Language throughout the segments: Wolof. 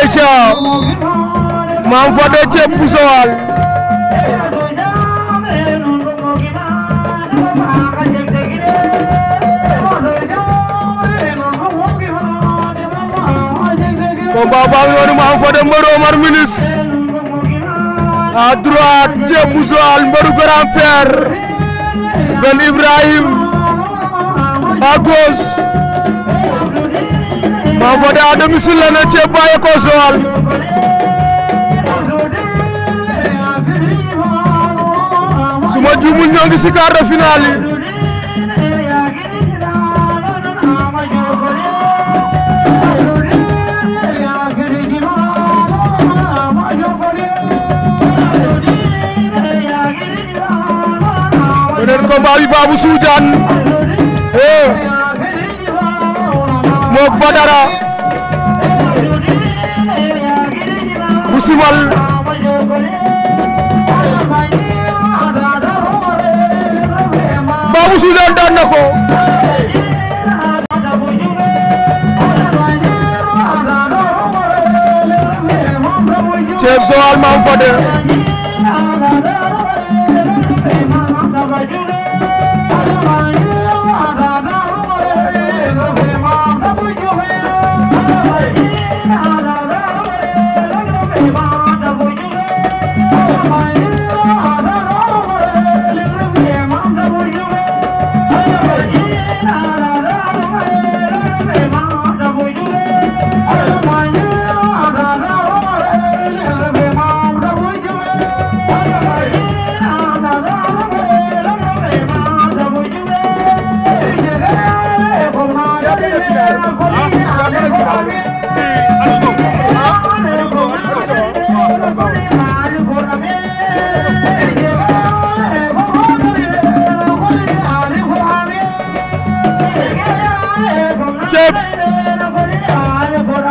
Aïcha Mame Fadé Thieb bu Joal combat baa ngi noonu Mame Fadé mbëru Omar Minis à droite Thieb bu Joal mbëru grand père Ben Ibrahim à gauche Mame Fodé à domicile la ne ceeb bàyyi ko su ma juumul ñoo ngi si quart de finale yi beneen combat bi Babou moog Badara bu siwal daan na ko Ceeb Joal Mame Fadé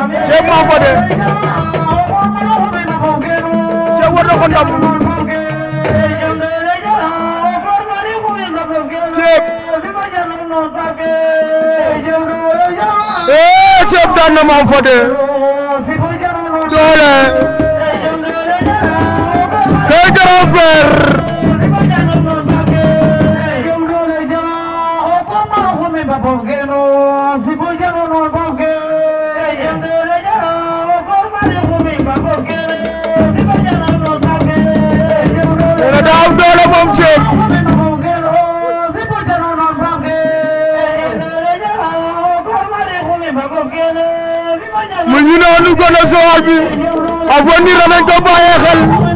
Thié moo ko de Thié war na ko ee Thié eh, daan na doole day garaw beer mu ñu noonu gone Joal bi avenir danañ ko bàyyee xel